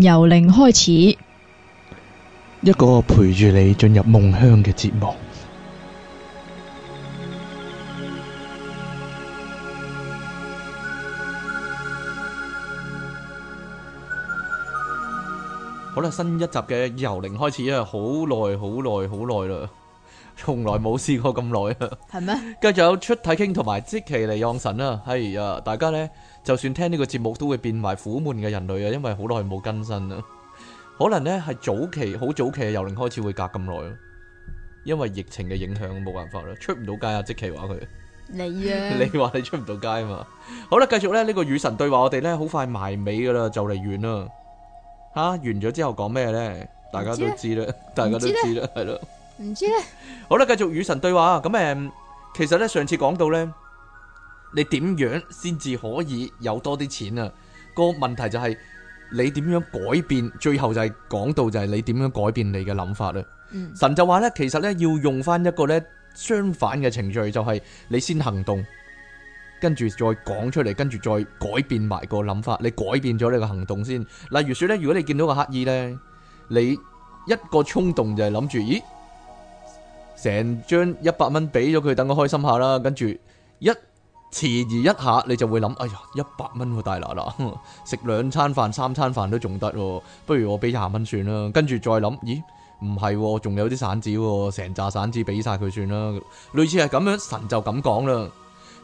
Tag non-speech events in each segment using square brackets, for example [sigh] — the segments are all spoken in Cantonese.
由零開始，一個陪住你進入夢鄉嘅節目。好啦，新一集嘅由零開始，已經好耐、好耐、好耐啦。從來冇試過咁耐啊！係咩？繼續有出體傾同埋即其嚟讓神啊！係啊！大家呢，就算聽呢個節目都會變埋苦悶嘅人類啊！因為好耐冇更新啦，可能呢係早期好早期嘅由零開始會隔咁耐咯，因為疫情嘅影響冇辦法啦，出唔到街啊！即其話佢，你啊， [laughs] 你話你出唔到街啊嘛？好啦，繼續呢，呢、這個與神對話我，我哋呢好快埋尾噶啦，就嚟、啊、完啦！吓完咗之後講咩呢？大家都知啦，知大家都知啦，係咯。 [laughs] 唔知咧，好啦，繼續與神對話咁誒。其實咧，上次講到咧，你點樣先至可以有多啲錢啊？個問題就係你點樣改變，最後就係講到就係你點樣改變你嘅諗法啊。嗯、神就話咧，其實咧要用翻一個咧相反嘅程序，就係、是、你先行動，跟住再講出嚟，跟住再改變埋個諗法。你改變咗你個行動先。例如說咧，如果你見到個乞兒咧，你一個衝動就係諗住，咦？成張一百蚊俾咗佢，等佢開心下啦。跟住一遲疑一下，你就會諗：哎呀，一百蚊喎大拿拿啦，食兩餐飯、三餐飯都仲得喎。不如我俾廿蚊算啦。跟住再諗，咦，唔係、哦，仲有啲散紙喎，成扎散紙俾晒佢算啦。類似係咁樣，神就咁講啦。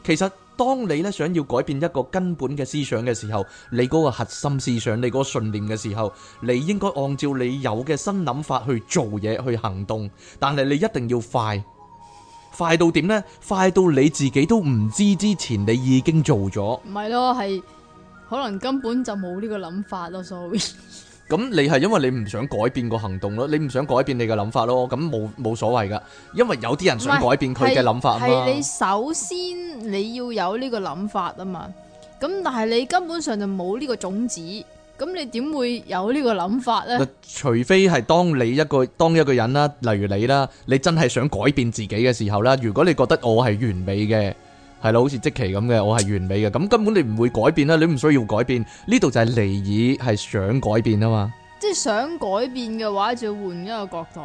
其實。當你咧想要改變一個根本嘅思想嘅時候，你嗰個核心思想，你嗰個信念嘅時候，你應該按照你有嘅新諗法去做嘢，去行動，但係你一定要快，快到點呢？快到你自己都唔知之前你已經做咗。唔係咯，係可能根本就冇呢個諗法咯，sorry。咁你係因為你唔想改變個行動咯，你唔想改變你嘅諗法咯，咁冇冇所謂㗎？因為有啲人想改變佢嘅諗法啊嘛。係，你首先你要有呢個諗法啊嘛，咁但係你根本上就冇呢個種子，咁你點會有呢個諗法呢？除非係當你一個當一個人啦，例如你啦，你真係想改變自己嘅時候啦，如果你覺得我係完美嘅。係咯，好似即期咁嘅，我係完美嘅，咁根本你唔會改變啦，你唔需要改變，呢度就係尼爾係想改變啊嘛，即係想改變嘅話，就要換一個角度，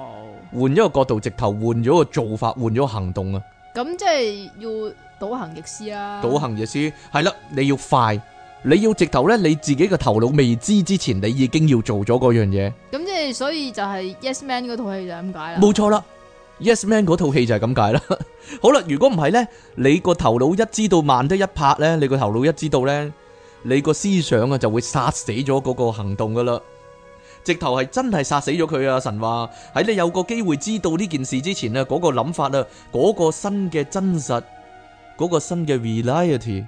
換一個角度，直頭換咗個做法，換咗行動啊，咁即係要倒行逆施啦，啊，倒行逆施，係啦，你要快，你要直頭咧，你自己嘅頭腦未知之前，你已經要做咗嗰樣嘢，咁即係所以就係 Yes Man 嗰套戲就咁解啦，冇錯啦。Yes Man 嗰套戲就係咁解啦。好啦，如果唔係咧，你個頭腦一知道慢得一拍咧，你個頭腦一知道咧，你個思想啊就會殺死咗嗰個行動噶啦。直頭係真係殺死咗佢啊！神話喺你有個機會知道呢件事之前啊，嗰個諗法啊，嗰個新嘅真實，嗰個新嘅 reality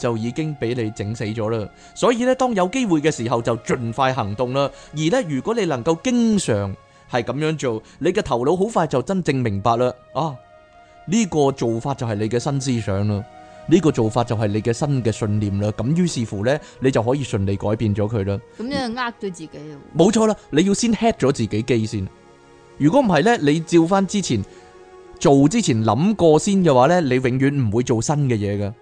就已經俾你整死咗啦。所以咧，當有機會嘅時候就盡快行動啦。而咧，如果你能夠經常，係咁樣做，你嘅頭腦好快就真正明白啦。啊，呢個做法就係你嘅新思想啦，呢個做法就係你嘅新嘅信念啦。咁於是乎呢，你就可以順利改變咗佢啦。咁樣呃咗自己，冇錯啦。你要先呃咗自己機先。如果唔係呢，你照翻之前做之前諗過先嘅話呢，你永遠唔會做新嘅嘢噶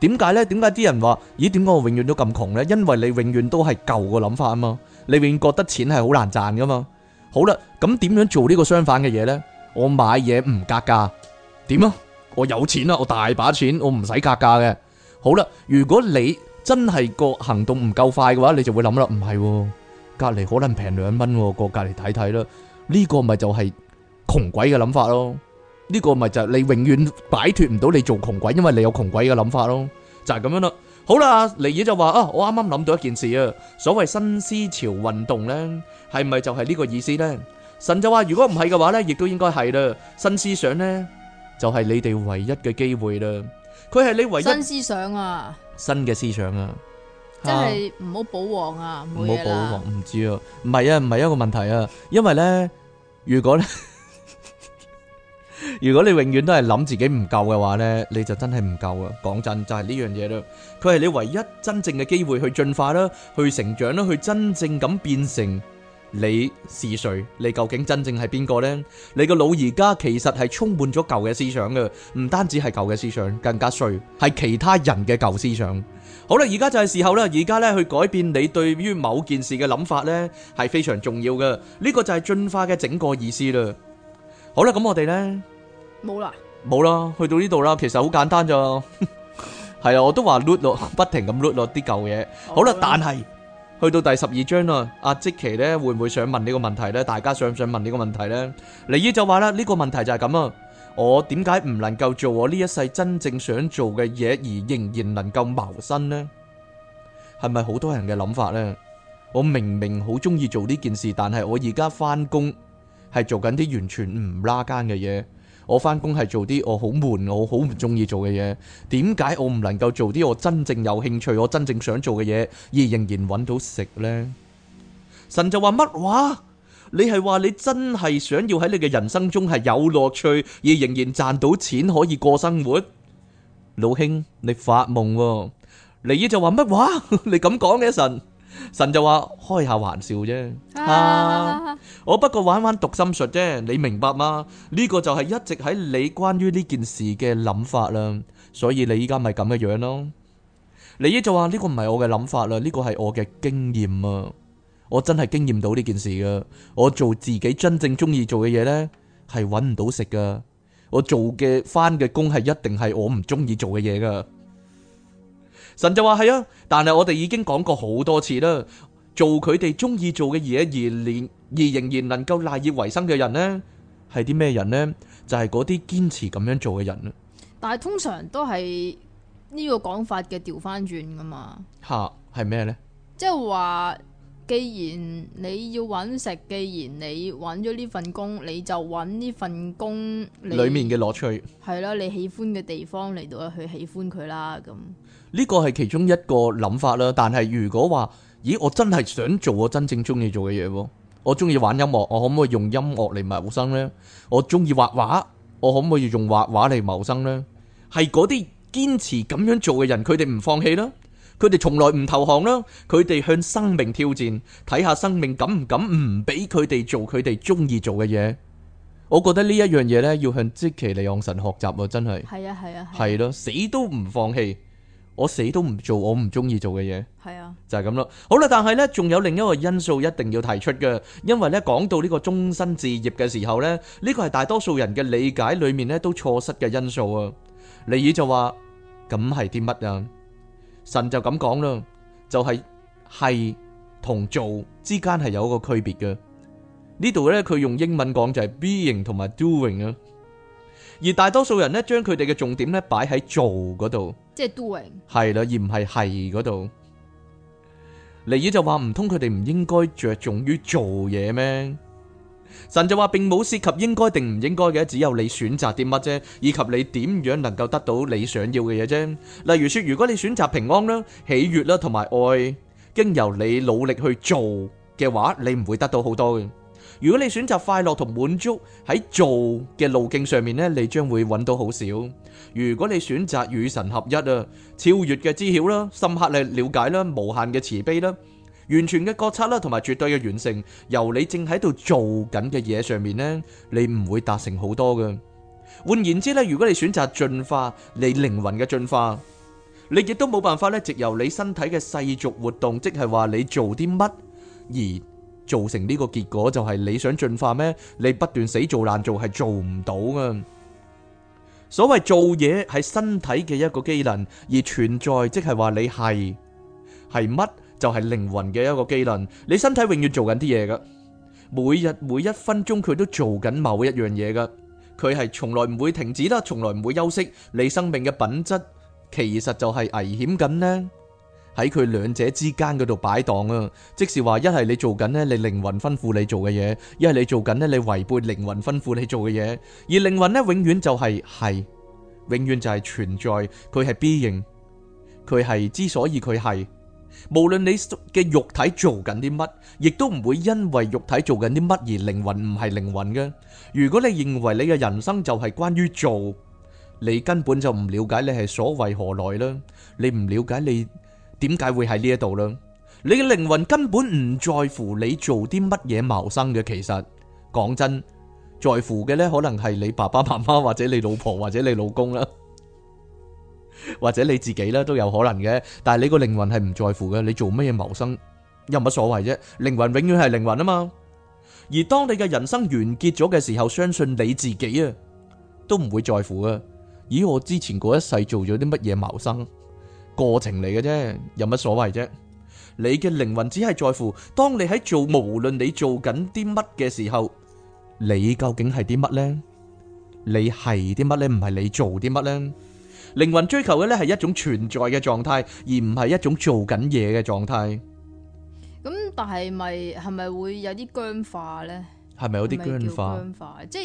點解呢？點解啲人話，咦？點解我永遠都咁窮呢？因為你永遠都係舊嘅諗法啊嘛。你永遠覺得錢係好難賺噶嘛。好啦，咁點樣做呢個相反嘅嘢呢？我買嘢唔格價，點啊？我有錢啦，我大把錢，我唔使格價嘅。好啦，如果你真係個行動唔夠快嘅話，你就會諗啦，唔係隔籬可能平兩蚊，過隔籬睇睇啦。呢個咪就係窮鬼嘅諗法咯。呢個咪就你永遠擺脫唔到你做窮鬼，因爲你有窮鬼嘅諗法咯，就係咁樣啦。好啦，黎野就話啊，我啱啱諗到一件事啊，所謂新思潮運動咧，係咪就係呢個意思咧？神就話如果唔係嘅話咧，亦都應該係啦。新思想咧，就係你哋唯一嘅機會啦。佢係你唯一新思想啊，新嘅思想啊，真係唔好保皇啊，唔好保皇。唔知啊，唔係啊，唔係一個問題啊，因為咧，如果咧。如果你永遠都係諗自己唔夠嘅話呢，你就真係唔夠啊！講真，就係呢樣嘢啦。佢係你唯一真正嘅機會去進化啦，去成長啦，去真正咁變成你是誰？你究竟真正係邊個呢？你個腦而家其實係充滿咗舊嘅思想嘅，唔單止係舊嘅思想，更加衰係其他人嘅舊思想。好啦，而家就係時候啦，而家呢去改變你對於某件事嘅諗法呢，係非常重要嘅。呢個就係進化嘅整個意思啦。好啦，咁我哋呢。冇啦，冇啦，去到呢度啦。其實好簡單咋，係啊，我都話碌落，不停咁碌落啲舊嘢。好啦，但係去到第十二章啦，阿積奇呢會唔會想問呢個問題呢？大家想唔想問呢個問題呢？尼爾就話啦，呢個問題就係咁啊，我點解唔能夠做我呢一世真正想做嘅嘢，而仍然能夠謀生呢？係咪好多人嘅諗法呢？我明明好中意做呢件事，但係我而家翻工係做緊啲完全唔拉更嘅嘢。我翻工係做啲我好悶、我好唔中意做嘅嘢，點解我唔能夠做啲我真正有興趣、我真正想做嘅嘢，而仍然搵到食呢？神就話乜話？你係話你真係想要喺你嘅人生中係有樂趣，而仍然賺到錢可以過生活，老兄你發夢？你呢就話乜話？你咁講嘅神？神就話開下玩笑啫，啊啊、我不過玩玩讀心術啫，你明白嗎？呢個就係一直喺你關於呢件事嘅諗法啦，所以你依家咪咁嘅樣咯。你就話呢個唔係我嘅諗法啦，呢個係我嘅經驗啊，我真係經驗到呢件事噶，我做自己真正中意做嘅嘢呢，係揾唔到食噶，我做嘅返嘅工係一定係我唔中意做嘅嘢噶。神就話，係啊，但係我哋已經講過好多次啦。做佢哋中意做嘅嘢而連而仍然能夠賴以為生嘅人呢，係啲咩人呢？就係嗰啲堅持咁樣做嘅人。但係通常都係呢個講法嘅調翻轉噶嘛吓，係咩、啊、呢？即係話，既然你要揾食，既然你揾咗呢份工，你就揾呢份工裏面嘅樂趣係咯、啊，你喜歡嘅地方嚟，到去喜歡佢啦咁。呢個係其中一個諗法啦，但係如果話，咦，我真係想做我真正中意做嘅嘢，我中意玩音樂，我可唔可以用音樂嚟謀生呢？我中意畫畫，我可唔可以用畫畫嚟謀生呢？係嗰啲堅持咁樣做嘅人，佢哋唔放棄啦，佢哋從來唔投降啦，佢哋向生命挑戰，睇下生命敢唔敢唔俾佢哋做佢哋中意做嘅嘢。我覺得呢一樣嘢呢，要向杰奇利昂神學習啊！真係係啊係啊係咯，死都唔放棄。我死都唔做，我唔中意做嘅嘢，係啊，就係咁咯。好啦，但係咧，仲有另一個因素一定要提出嘅，因為咧講到呢個終身置業嘅時候咧，呢個係大多數人嘅理解裏面咧都錯失嘅因素啊。利爾就話，咁係啲乜啊？神就咁講啦，就係，係同做之間係有一個區別嘅。呢度咧佢用英文講就係 being 同埋 doing 啊。而大多數人咧，將佢哋嘅重點咧擺喺做嗰度，即係 doing，係啦，而唔係係嗰度。尼爾就話唔通佢哋唔應該著重於做嘢咩？神就話並冇涉及應該定唔應該嘅，只有你選擇啲乜啫，以及你點樣能夠得到你想要嘅嘢啫。例如說，如果你選擇平安啦、喜悅啦同埋愛，經由你努力去做嘅話，你唔會得到好多嘅。如果你選擇快樂同滿足，喺做嘅路徑上面咧，你將會揾到好少。如果你選擇與神合一啊，超越嘅知曉啦，深刻嘅了解啦，無限嘅慈悲啦，完全嘅覺察啦，同埋絕對嘅完成，由你正喺度做緊嘅嘢上面咧，你唔會達成好多嘅。換言之咧，如果你選擇進化，你靈魂嘅進化，你亦都冇辦法咧，藉由你身體嘅世俗活動，即係話你做啲乜而。造成呢個結果就係你想進化咩？你不斷死做爛做係做唔到噶。所謂做嘢係身體嘅一個機能而存在，即係話你係係乜就係靈魂嘅一個機能。你身體永遠做緊啲嘢噶，每日每一分鐘佢都做緊某一樣嘢噶，佢係從來唔會停止啦，從來唔會休息。你生命嘅品質其實就係危險緊呢。喺佢兩者之間嗰度擺蕩啊！即是話，一係你做緊咧，你靈魂吩咐你做嘅嘢；一係你做緊咧，你違背靈魂吩咐你做嘅嘢。而靈魂咧，永遠就係系，永遠就係存在。佢係 being，佢係之所以佢係。無論你嘅肉體做緊啲乜，亦都唔會因為肉體做緊啲乜而靈魂唔係靈魂嘅。如果你認為你嘅人生就係關於做，你根本就唔了解你係所為何來啦。你唔了解你。點解會喺呢一度呢？你嘅靈魂根本唔在乎你做啲乜嘢謀生嘅。其實講真，在乎嘅呢，可能係你爸爸媽媽或者你老婆或者你老公啦，或者你自己啦，都有可能嘅。但係你個靈魂係唔在乎嘅，你做乜嘢謀生又有乜所謂啫。靈魂永遠係靈魂啊嘛。而當你嘅人生完結咗嘅時候，相信你自己啊，都唔會在乎啊。咦，我之前嗰一世做咗啲乜嘢謀生？過程嚟嘅啫，有乜所謂啫？你嘅靈魂只係在乎，當你喺做，無論你做緊啲乜嘅時候，你究竟係啲乜呢？你係啲乜呢？唔係你做啲乜呢？靈魂追求嘅呢係一種存在嘅狀態，而唔係一種做緊嘢嘅狀態。咁但係咪係咪會有啲僵化呢？係咪有啲僵化？僵化，即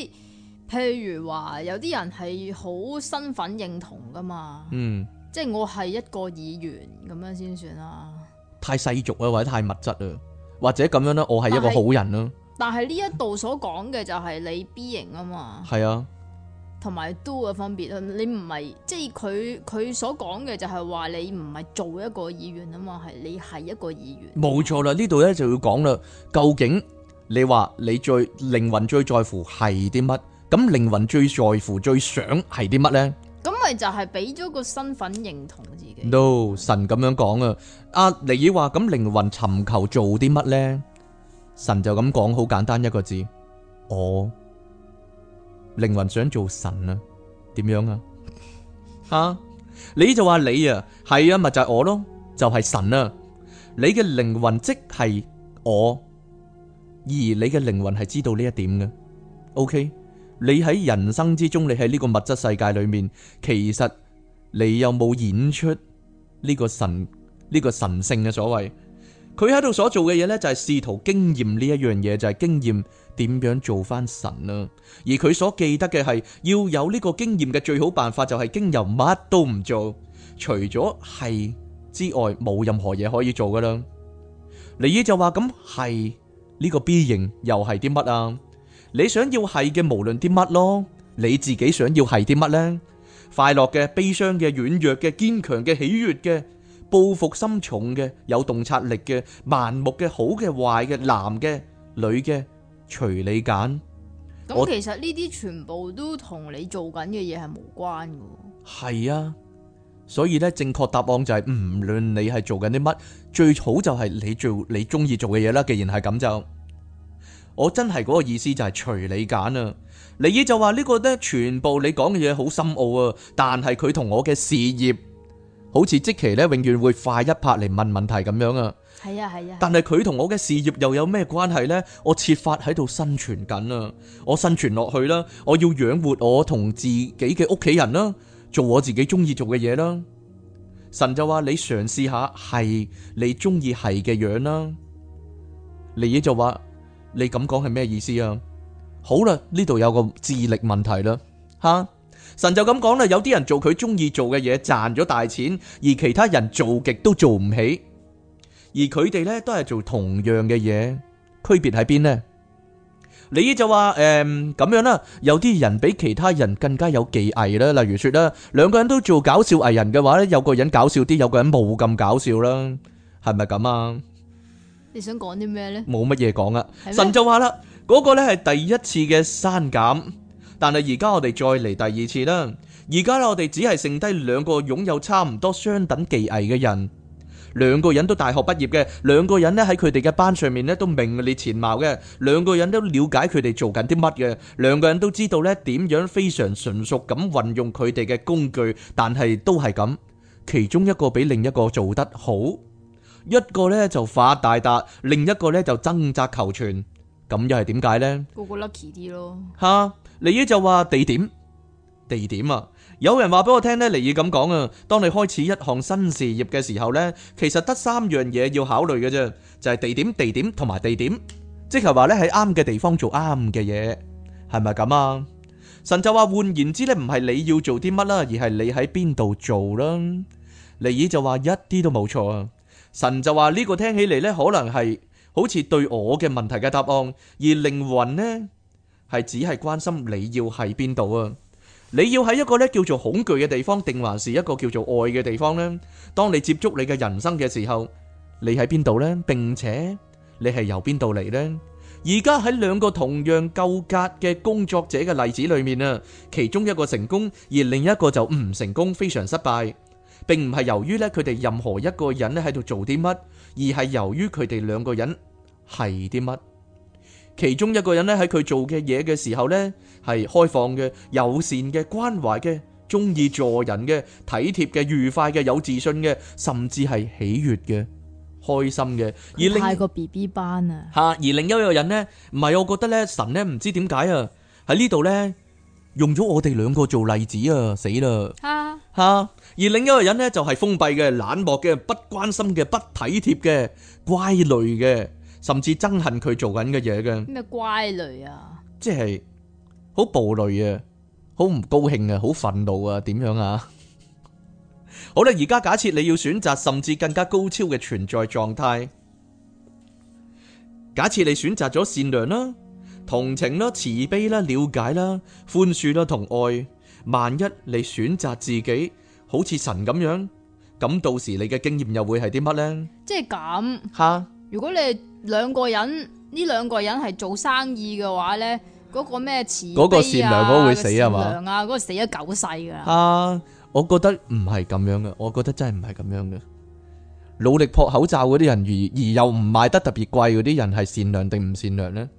係譬如話有啲人係好身份認同㗎嘛？嗯。即係我係一個議員咁樣先算啦，太世俗啊，或者太物質啊，或者咁樣咧，是我係一個好人咯。但係呢一度所講嘅就係你 being 啊嘛，係啊、嗯，同埋 do 嘅分別啦，你唔係即係佢佢所講嘅就係話你唔係做一個議員啊嘛，係你係一個議員。冇錯啦，呢度咧就要講啦，究竟你話你最靈魂最在乎係啲乜？咁靈魂最在乎最想係啲乜咧？因為就係俾咗個身份認同自己。No，神咁樣講啊。阿尼爾話：咁靈魂尋求做啲乜咧？神就咁講，好簡單一個字，我。靈魂想做神啊？點樣啊？吓、啊，你就話你啊？係啊，咪就係、是、我咯，就係、是、神啊。你嘅靈魂即係我，而你嘅靈魂係知道呢一點嘅。OK。你喺人生之中，你喺呢個物質世界裏面，其實你有冇演出呢個神呢個神聖嘅所謂？佢喺度所做嘅嘢呢，就係試圖經驗呢一樣嘢，就係、是、經驗點樣做翻神啊！而佢所記得嘅係要有呢個經驗嘅最好辦法，就係經由乜都唔做，除咗係之外，冇任何嘢可以做噶啦。尼爾就話：咁係呢個 B 型又係啲乜啊？你想要係嘅無論啲乜咯，你自己想要係啲乜呢？快樂嘅、悲傷嘅、軟弱嘅、堅強嘅、喜悦嘅、報復心重嘅、有洞察力嘅、盲目嘅、好嘅、壞嘅、男嘅、女嘅，隨你揀。咁其實呢啲全部都同你做緊嘅嘢係無關嘅。係啊，所以呢正確答案就係唔論你係做緊啲乜，最好就係你做你中意做嘅嘢啦。既然係咁就。我真係嗰個意思就係隨你揀啊。尼爾就話，呢個呢，全部你講嘅嘢好深奧啊。但係佢同我嘅事業，好似即期呢永遠會快一拍嚟問問題咁樣啊。係啊係啊。啊啊但係佢同我嘅事業又有咩關係呢？我設法喺度生存緊啊。我生存落去啦，我要養活我同自己嘅屋企人啦，做我自己中意做嘅嘢啦。神就話，你嘗試下係你中意係嘅樣啦。尼爾就話。你咁講係咩意思啊？好啦，呢度有個智力問題啦，吓，神就咁講啦，有啲人做佢中意做嘅嘢，賺咗大錢，而其他人做極都做唔起，而佢哋呢都係做同樣嘅嘢，區別喺邊呢？你就話誒，咁樣啦，有啲人比其他人更加有技藝啦，例如說啦，兩個人都做搞笑藝人嘅話呢，有個人搞笑啲，有個人冇咁搞笑啦，係咪咁啊？你想講啲咩呢？冇乜嘢講呀，神就話啦，嗰個呢係第一次嘅刪減，但係而家我哋再嚟第二次啦。而家呢我哋只係剩低兩個擁有差唔多相等技藝嘅人，兩個人都大學畢業嘅，兩個人呢喺佢哋嘅班上面呢都名列前茅嘅，兩個人都了解佢哋做緊啲乜嘅，兩個人都知道呢點樣非常純熟咁運用佢哋嘅工具，但係都係咁，其中一個比另一個做得好。一個咧就發大達，另一個咧就掙扎求存。咁又係點解咧？個個 lucky 啲咯。吓，尼爾就話地點，地點啊！有人話俾我聽咧，尼爾咁講啊。當你開始一項新事業嘅時候咧，其實得三樣嘢要考慮嘅啫，就係地點、地點同埋地點。即係話咧喺啱嘅地方做啱嘅嘢，係咪咁啊？神就話換言之咧，唔係你要做啲乜啦，而係你喺邊度做啦。尼爾就話一啲都冇錯啊！神就話呢個聽起嚟呢，可能係好似對我嘅問題嘅答案，而靈魂呢係只係關心你要喺邊度啊？你要喺一個呢叫做恐懼嘅地方，定還是一個叫做愛嘅地方呢？當你接觸你嘅人生嘅時候，你喺邊度呢？並且你係由邊度嚟呢？而家喺兩個同樣夠格嘅工作者嘅例子裏面啊，其中一個成功，而另一個就唔成功，非常失敗。並唔係由於咧佢哋任何一個人咧喺度做啲乜，而係由於佢哋兩個人係啲乜。其中一個人咧喺佢做嘅嘢嘅時候咧係開放嘅、友善嘅、關懷嘅、中意助人嘅、體貼嘅、愉快嘅、有自信嘅，甚至係喜悅嘅、開心嘅。而另太過 B B 班啊！吓，而另一個人呢，唔係，我覺得咧，神咧唔知點解啊，喺呢度呢，用咗我哋兩個做例子啊，死啦！吓吓哈。而另一個人呢，就係、是、封閉嘅、冷漠嘅、不關心嘅、不體貼嘅、乖戾嘅，甚至憎恨佢做緊嘅嘢嘅。咩乖戾啊？即係好暴戾啊，好唔高興啊，好憤怒啊，點樣啊？ [laughs] 好啦，而家假設你要選擇，甚至更加高超嘅存在狀態。假設你選擇咗善良啦、同情啦、慈悲啦、了解啦、寬恕啦、同愛，萬一你選擇自己。好似神咁樣，咁到時你嘅經驗又會係啲乜呢？即係咁吓，如果你係兩個人，呢兩個人係做生意嘅話呢，嗰個咩慈悲啊、善良啊，嗰個死咗九世噶啦。啊，我覺得唔係咁樣噶，我覺得真係唔係咁樣噶。努力撲口罩嗰啲人，而而又唔賣得特別貴嗰啲人，係善良定唔善良呢？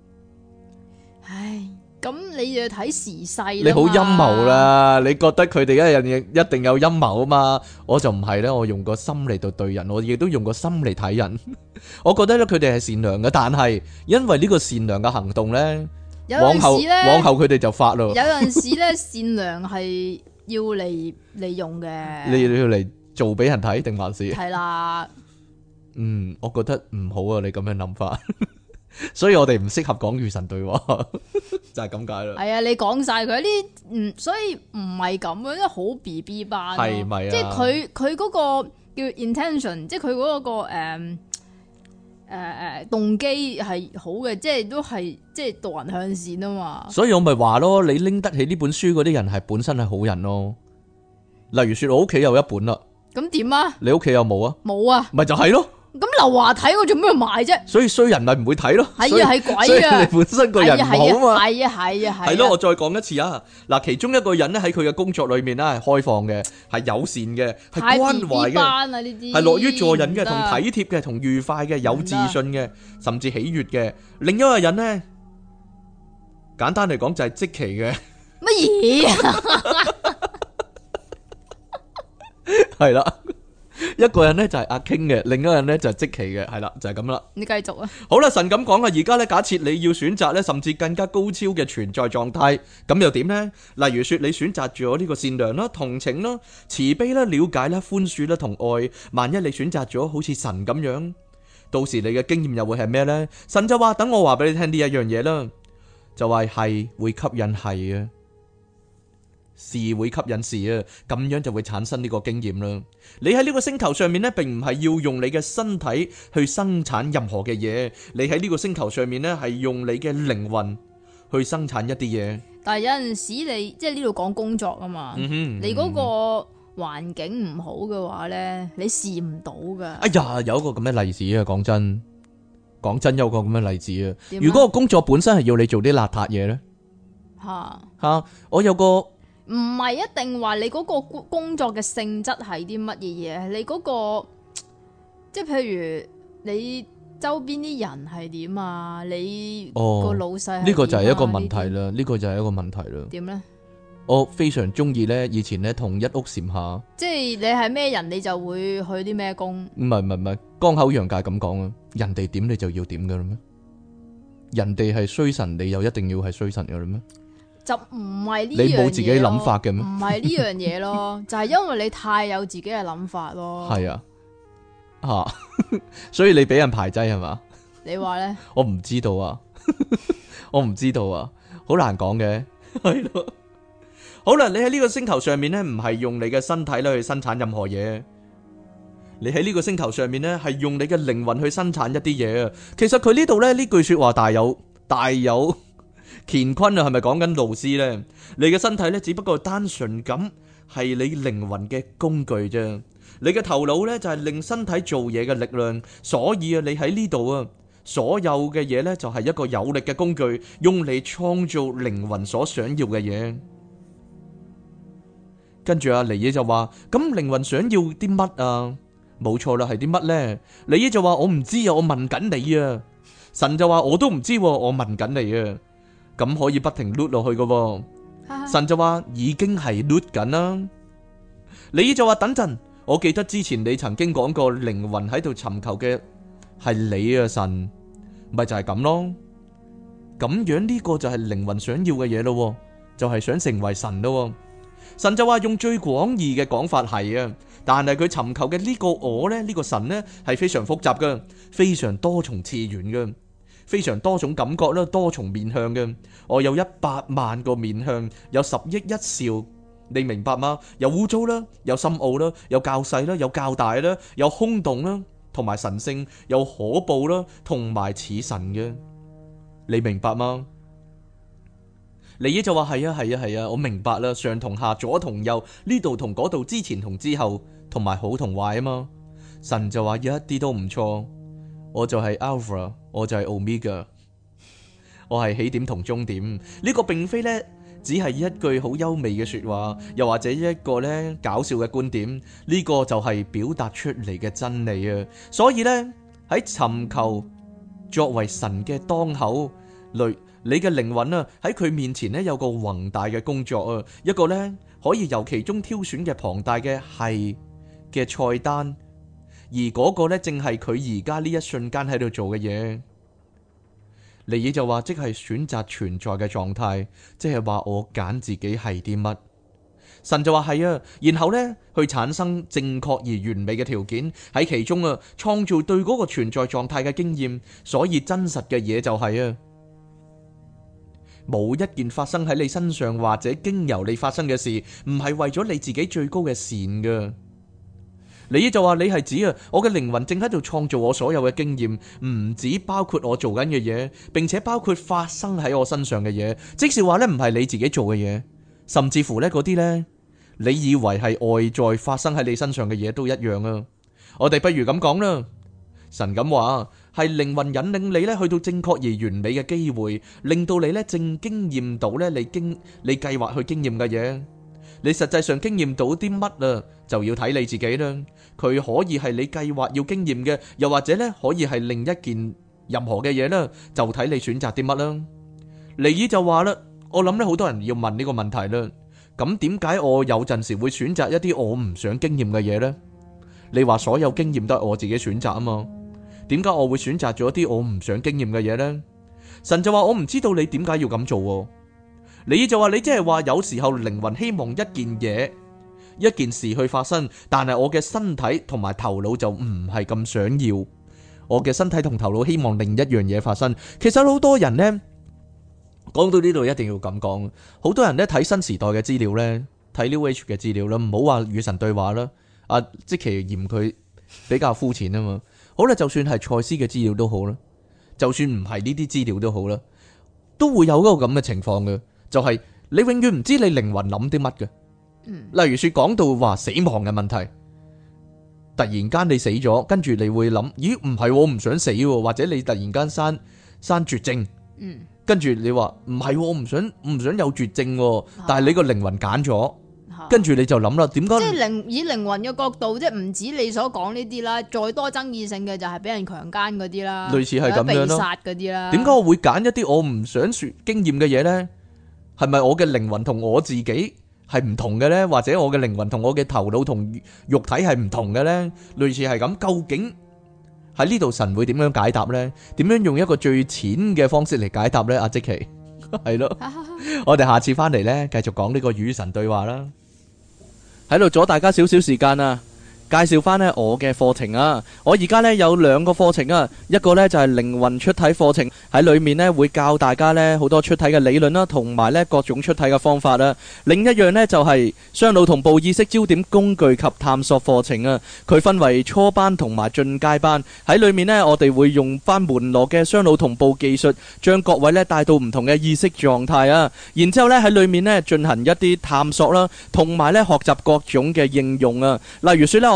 咁你就睇時勢，你好陰謀啦！ [laughs] 你覺得佢哋一日嘢一定有陰謀啊嘛？我就唔係咧，我用個心嚟對人，我亦都用個心嚟睇人。我覺得咧，佢哋係善良嘅，但係因為呢個善良嘅行動咧，往後咧，往後佢哋就發咯。有陣時咧， [laughs] 善良係要嚟利用嘅，你，你要嚟做俾人睇定還是，是？係啦的，嗯，我覺得唔好啊！你咁樣諗法， [laughs] 所以我哋唔適合講與神對話。 [laughs] 就係咁解咯。係啊，你講晒佢啲，嗯，所以唔係咁嘅，因為好 B B 班，係咪啊？是是啊，即係佢佢嗰個叫 intention，即係佢嗰個誒誒誒動機係好嘅，即係都係即係導人向善啊嘛。所以我咪話咯，你拎得起呢本書嗰啲人係本身係好人咯，啊。例如說，我屋企有一本啦。咁點啊？你屋企有冇啊？冇啊？咪就係咯。咁劉華睇我做咩買啫？所以衰人咪唔會睇咯。係啊係以鬼啊！所以 [laughs] 你本身個人唔好啊嘛。係啊係啊係。係咯、啊，我再講一次啊！嗱，其中一個人咧，喺佢嘅工作裏面咧係開放嘅，係友善嘅，係關懷嘅，係樂於助人嘅，同行體貼嘅，同愉快嘅，有自信嘅，行甚至喜悅嘅。另一個人咧，簡單嚟講就係積奇嘅。乜嘢麼？係啦。 [laughs] [laughs] [laughs] 一個人呢就係阿傾嘅，另一個人呢就係積奇嘅。係啦，就係咁啦。你繼續啊。好啦，神咁講啦，而家呢，假設你要選擇呢，甚至更加高超嘅存在狀態，咁又點呢？例如說你選擇咗呢個善良啦、同情啦、慈悲啦、了解啦、寬恕啦、同愛，萬一你選擇咗好似神咁樣，到時你嘅經驗又會係咩呢？神就話，等我話俾你聽呢一樣嘢啦，就話係會吸引係嘅。是會吸引事啊，咁樣就會產生呢個經驗啦。你喺呢個星球上面咧，並唔係要用你嘅身體去生產任何嘅嘢，你喺呢個星球上面咧係用你嘅靈魂去生產一啲嘢。但係有陣時你即係呢度講工作啊嘛，你嗰個環境唔好嘅話咧，你試唔到噶。哎呀，有一個咁嘅例子啊，講真，講真有個咁嘅例子啊。如果個工作本身係要你做啲邋遢嘢咧，吓吓，我有個。唔係一定話你嗰個工作嘅性質係啲乜嘢嘢，你嗰個即係譬如你周邊啲人係點啊，你個老細呢個就係一個問題啦，呢個就係一個問題啦。點咧？我非常中意咧，以前咧同一屋檐下，即係你係咩人，你就會去啲咩工。唔係唔係唔係，江口洋介咁講啊，人哋點你就要點噶啦咩？人哋係衰神，你又一定要係衰神噶啦咩？就唔係呢樣嘢，你冇自己諗法嘅咩？唔係呢樣嘢咯。 [laughs] 就係因為你太有自己嘅諗法咯。係啊，吓、啊， [laughs] 所以你俾人排擠係嘛？你話呢？ [laughs] 我唔知道啊， [laughs] 我唔知道啊，好難講嘅。係 [laughs] 咯對了， [laughs] 好啦，你喺呢個星球上面呢，唔係用你嘅身體咧去生產任何嘢，你喺呢個星球上面呢，係用你嘅靈魂去生產一啲嘢啊。其實佢呢度呢，呢句說話大有大有。乾坤啊，係咪講緊導師咧？你嘅身體咧，只不過單純咁係你靈魂嘅工具啫。你嘅頭腦咧，就係令身體做嘢嘅力量。所以啊，你喺呢度啊，所有嘅嘢咧，就係一個有力嘅工具，用嚟創造靈魂所想要嘅嘢。跟住啊，尼爾就話：咁靈魂想要啲乜啊？冇錯啦，係啲乜咧？尼爾就話：我唔知啊，我問緊你啊。神就話：我都唔知，我問緊你啊。咁可以不停碌落去嘅。哦，神就話已經係碌緊啦。你就話，等陣，我記得之前你曾經講過靈魂喺度尋求嘅係你啊神，咪就係咁咯。咁樣呢個就係靈魂想要嘅嘢咯，就係想成為神咯。神就話，用最廣義嘅講法係啊，但係佢尋求嘅呢個我呢，呢個神呢，係非常複雜嘅，非常多重次元嘅。非常多種感覺啦，多重面向嘅，我有一百萬個面向，有十億一兆，你明白嗎？有污糟啦，有深奧啦，有較細啦，有較大啦，有空洞啦，同埋神聖，有可怖啦，同埋似神嘅，你明白嗎？尼爾就話係啊係啊係啊，我明白啦，上同下，左同右，呢度同嗰度，之前同之後，同埋好同壞啊嘛，神就話一啲都唔錯。我就係 Alpha 我就係 Omega，我係起點同終點。呢個並非呢，只係一句好優美嘅說話，又或者一個呢搞笑嘅觀點。呢個就係表達出嚟嘅真理啊！所以呢，喺尋求作為神嘅當口，你你嘅靈魂啊，喺佢面前呢有個宏大嘅工作啊，一個呢，可以由其中挑選嘅龐大嘅係嘅菜單。而嗰個呢，正係佢而家呢一瞬間喺度做嘅嘢。尼爾就話，即係選擇存在嘅狀態，即係話我揀自己係啲乜。神就話係啊，然後呢，去產生正確而完美嘅條件，喺其中啊，創造對嗰個存在狀態嘅經驗。所以真實嘅嘢就係啊，冇一件發生喺你身上或者經由你發生嘅事，唔係為咗你自己最高嘅善㗎。你就話你係指啊，我嘅靈魂正喺度創造我所有嘅經驗，唔止包括我做緊嘅嘢，並且包括發生喺我身上嘅嘢，即是話咧唔係你自己做嘅嘢，甚至乎咧嗰啲咧，你以為係外在發生喺你身上嘅嘢都一樣啊！我哋不如咁講啦，神咁話係靈魂引領你咧去到正確而完美嘅機會，令到你咧正經驗到咧你經你計劃去經驗嘅嘢。你實際上經驗到啲乜啊，就要睇你自己啦。佢可以係你計劃要經驗嘅，又或者咧可以係另一件任何嘅嘢啦，就睇你選擇啲乜啦。尼爾就話啦，我諗咧好多人要問呢個問題啦。咁點解我有陣時會選擇一啲我唔想經驗嘅嘢呢？你話所有經驗都係我自己選擇啊嘛？點解我會選擇咗一啲我唔想經驗嘅嘢呢？神就話我唔知道你點解要咁做。你就話你即係話，有時候靈魂希望一件嘢、一件事去發生，但係我嘅身體同埋頭腦就唔係咁想要。我嘅身體同頭腦希望另一樣嘢發生。其實好多人呢，講到呢度一定要咁講。好多人呢，睇新時代嘅資料呢，睇 New Age 嘅資料啦，唔好話與神對話啦。啊，即係嫌佢比較膚淺啊嘛。好咧，就算係賽斯嘅資料都好啦，就算唔係呢啲資料都好啦，都會有一個咁嘅情況嘅。就係你永遠唔知你靈魂諗啲乜嘅。例如說講到話死亡嘅問題，突然間你死咗，跟住你會諗，咦，唔係我唔想死，或者你突然間生生絕症，跟住你話唔係，我唔想唔想有絕症，但係你個靈魂揀咗，跟住你就諗啦，點解即係靈以靈魂嘅角度，即唔止你所講呢啲啦，再多爭議性嘅就係俾人強姦嗰啲啦，類似係咁樣咯，被殺嗰啲啦。點解我會揀一啲我唔想說經驗嘅嘢咧？係咪我嘅靈魂同我自己係唔同嘅呢？或者我嘅靈魂同我嘅頭腦同肉體係唔同嘅呢？類似係咁，究竟喺呢度神會點樣解答呢？點樣用一個最淺嘅方式嚟解答呢？阿、啊、即奇，係咯，我哋下次翻嚟呢，繼續講呢個與神對話啦。喺度阻大家少少時間啊！介紹翻咧我嘅課程啊！我而家咧有兩個課程啊，一個咧就係靈魂出體課程，喺裡面咧會教大家咧好多出體嘅理論啦，同埋咧各種出體嘅方法啦。另一樣咧就係雙腦同步意識焦點工具及探索課程啊。佢分為初班同埋進階班，喺裡面咧我哋會用翻門羅嘅雙腦同步技術，將各位咧帶到唔同嘅意識狀態啊。然之後咧喺裡面咧進行一啲探索啦，同埋咧學習各種嘅應用啊。例如說咧。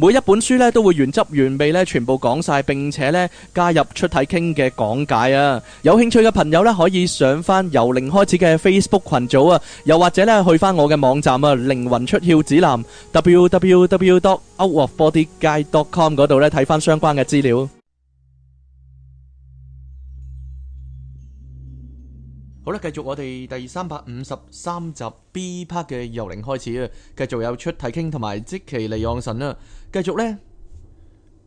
每一本書咧都會原汁原味咧全部講晒，並且咧加入出體傾嘅講解啊！有興趣嘅朋友咧可以上翻由零開始嘅 Facebook 群組啊，又或者咧去翻我嘅網站啊，靈魂出竅指南 www.outofbodyguide.com 嗰度咧睇翻相關嘅資料。好啦，繼續我哋第三百五十三集 B part 嘅由零開始啊！繼續有出體傾同埋即其利用神啦。繼續呢，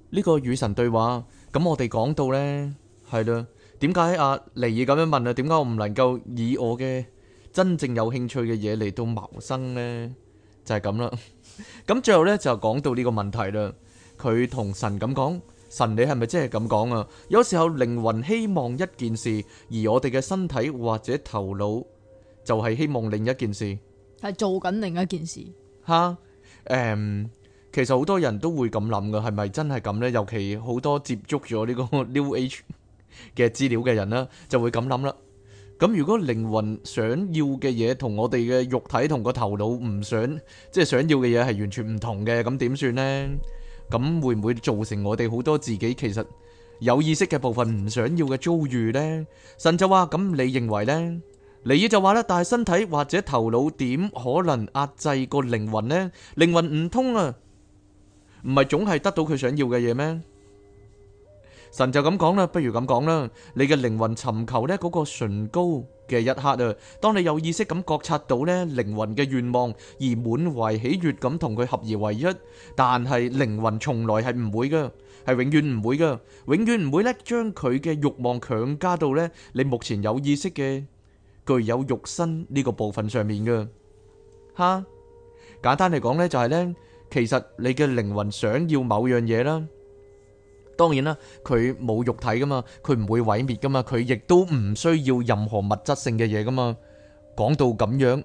呢個與神對話，咁我哋講到呢，係啦，點解阿尼爾咁樣問啦？點解我唔能夠以我嘅真正有興趣嘅嘢，嚟到謀生呢？就係咁啦。咁最後呢就講到呢個問題啦。佢同神咁講，神你係咪真係咁講啊？有時候靈魂希望一件事，而我哋嘅身體或者頭腦就係希望另一件事，係做緊另一件事。吓，誒。其實好多人都會咁諗噶，係咪真係咁咧？尤其好多接觸咗呢個 New Age 嘅資料嘅人咧，就會咁諗啦。咁如果靈魂想要嘅嘢，同我哋嘅肉體同個頭腦唔想，即係想要嘅嘢係完全唔同嘅，咁點算咧？咁會唔會造成我哋好多自己其實有意識嘅部分唔想要嘅遭遇咧？神就話：咁你認為咧？尼爾就話咧，但係身體或者頭腦點可能壓制個靈魂咧？靈魂唔通啊！唔係總係得到佢想要嘅嘢咩？神就咁講啦，不如咁講啦。你嘅靈魂尋求咧嗰個唇膏嘅一刻啊，當你有意識咁覺察到咧，靈魂嘅願望，而滿懷喜悅咁同佢合而為一。但係靈魂從來係唔會噶，係永遠唔會噶，永遠唔會咧將佢嘅慾望強加到咧你目前有意識嘅具有肉身呢個部分上面噶。吓，簡單嚟講咧，就係咧。其實你嘅靈魂想要某樣嘢啦，當然啦，佢冇肉體噶嘛，佢唔會毀滅噶嘛，佢亦都唔需要任何物質性嘅嘢噶嘛。講到咁樣，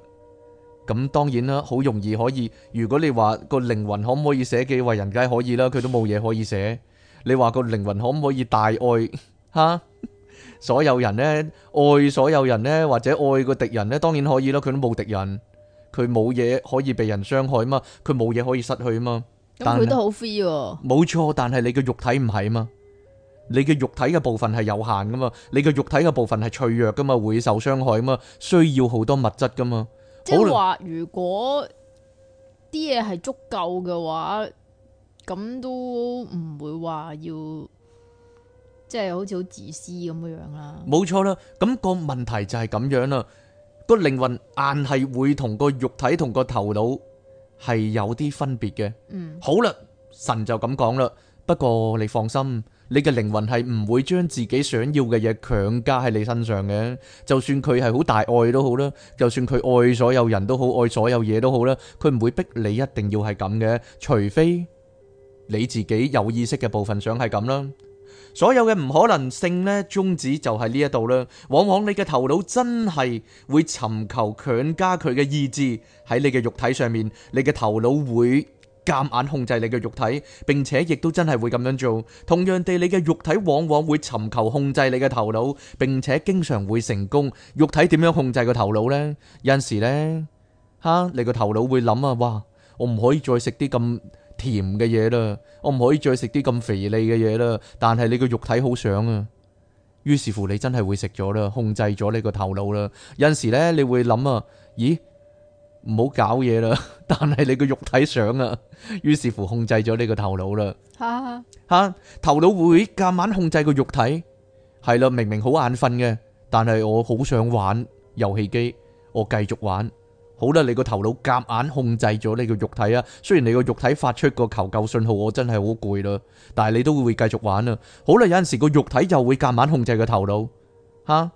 咁當然啦，好容易可以。如果你話個靈魂可唔可以寫記為人皆可以啦，佢都冇嘢可以寫。你話個靈魂可唔可以大愛吓所有人呢，愛所有人呢，或者愛個敵人呢，當然可以啦，佢都冇敵人。佢冇嘢可以被人傷害嘛，佢冇嘢可以失去嘛，但佢都好 free。冇錯，但係你嘅肉體唔係嘛，你嘅肉體嘅部分係有限噶嘛，你嘅肉體嘅部分係脆弱噶嘛，會受傷害啊嘛，需要好多物質噶嘛。即係話如果啲嘢係足夠嘅話，咁都唔會話要即係、就是、好似好自私咁嘅樣啦。冇錯啦，咁個問題就係咁樣啦。個靈魂硬係會同個肉體同個頭腦係有啲分別嘅。嗯，好啦，神就咁講啦。不過你放心，你嘅靈魂係唔會將自己想要嘅嘢強加喺你身上嘅。就算佢係好大愛都好啦，就算佢愛所有人都好，愛所有嘢都好啦，佢唔會逼你一定要係咁嘅。除非你自己有意識嘅部分想係咁啦。所有嘅唔可能性呢，終止就喺呢一度啦。往往你嘅頭腦真係會尋求強加佢嘅意志喺你嘅肉體上面，你嘅頭腦會夾硬控制你嘅肉體，並且亦都真係會咁樣做。同樣地，你嘅肉體往往會尋求控制你嘅頭腦，並且經常會成功。肉體點樣控制個頭腦呢？有時呢，嚇你個頭腦會諗啊，哇！我唔可以再食啲咁甜嘅嘢啦。我唔可以再食啲咁肥膩嘅嘢啦，但係你個肉體好想啊，於是乎你真係會食咗啦，控制咗你個頭腦啦。有時呢，你會諗啊，咦，唔好搞嘢啦，但係你個肉體想啊，於是乎控制咗你個頭腦啦。吓吓哈、啊，頭腦會夾硬控制個肉體？係啦，明明好眼瞓嘅，但係我好想玩遊戲機，我繼續玩。好啦，你個頭腦夾硬控制咗你個肉體啊！雖然你個肉體發出個求救信號，我真係好攰啦，但係你都會繼續玩啊！好啦，有陣時個肉體又會夾硬控制個頭腦，吓！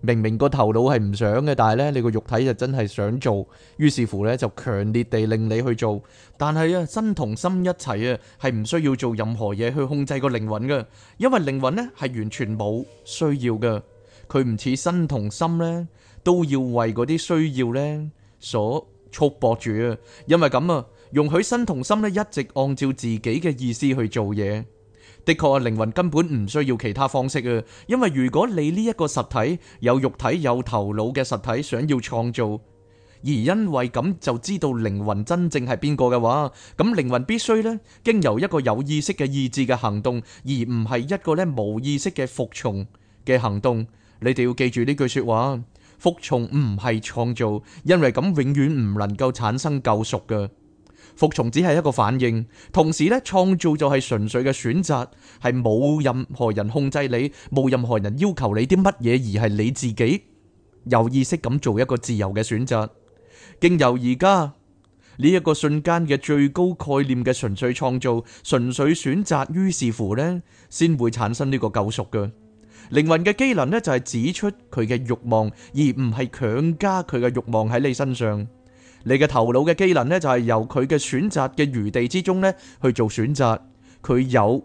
明明個頭腦係唔想嘅，但係咧你個肉體就真係想做，於是乎咧就強烈地令你去做。但係啊，身同心一齊啊，係唔需要做任何嘢去控制個靈魂噶，因為靈魂咧係完全冇需要噶，佢唔似身同心咧都要為嗰啲需要咧。所束縛住啊，因為咁啊，容許身同心咧一直按照自己嘅意思去做嘢。的確啊，靈魂根本唔需要其他方式啊。因為如果你呢一個實體有肉體有頭腦嘅實體想要創造，而因為咁就知道靈魂真正係邊個嘅話，咁靈魂必須咧經由一個有意識嘅意志嘅行動，而唔係一個咧無意識嘅服從嘅行動。你哋要記住呢句說話。服從唔係創造，因為咁永遠唔能夠產生救贖嘅。服從只係一個反應，同時呢，創造就係純粹嘅選擇，係冇任何人控制你，冇任何人要求你啲乜嘢，而係你自己有意識咁做一個自由嘅選擇。經由而家呢一個瞬間嘅最高概念嘅純粹創造、純粹選擇，於是乎呢，先會產生呢個救贖嘅。靈魂嘅機能呢，就係指出佢嘅欲望，而唔係強加佢嘅欲望喺你身上。你嘅頭腦嘅機能呢，就係由佢嘅選擇嘅餘地之中呢去做選擇，佢有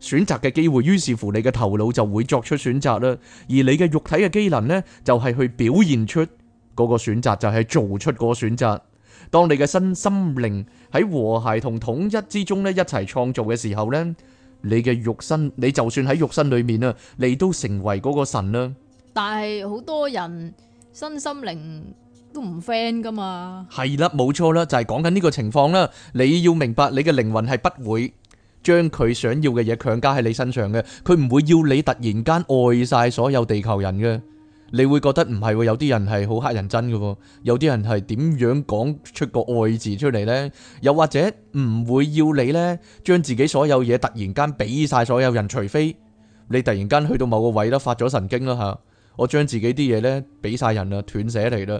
選擇嘅機會，於是乎你嘅頭腦就會作出選擇啦。而你嘅肉體嘅機能呢，就係去表現出嗰個選擇，就係做出個選擇。當你嘅身心靈喺和諧同統一之中呢一齊創造嘅時候呢。你嘅肉身，你就算喺肉身裏面啦，你都成為嗰個神啦。但係好多人身心靈都唔 friend 噶嘛。係啦，冇錯啦，就係講緊呢個情況啦。你要明白，你嘅靈魂係不會將佢想要嘅嘢強加喺你身上嘅，佢唔會要你突然間愛晒所有地球人嘅。你會覺得唔係喎，有啲人係好黑人憎嘅喎，有啲人係點樣講出個愛字出嚟呢？又或者唔會要你呢將自己所有嘢突然間俾晒所有人，除非你突然間去到某個位都發咗神經啦嚇，我將自己啲嘢呢俾晒人啦，斷捨離啦。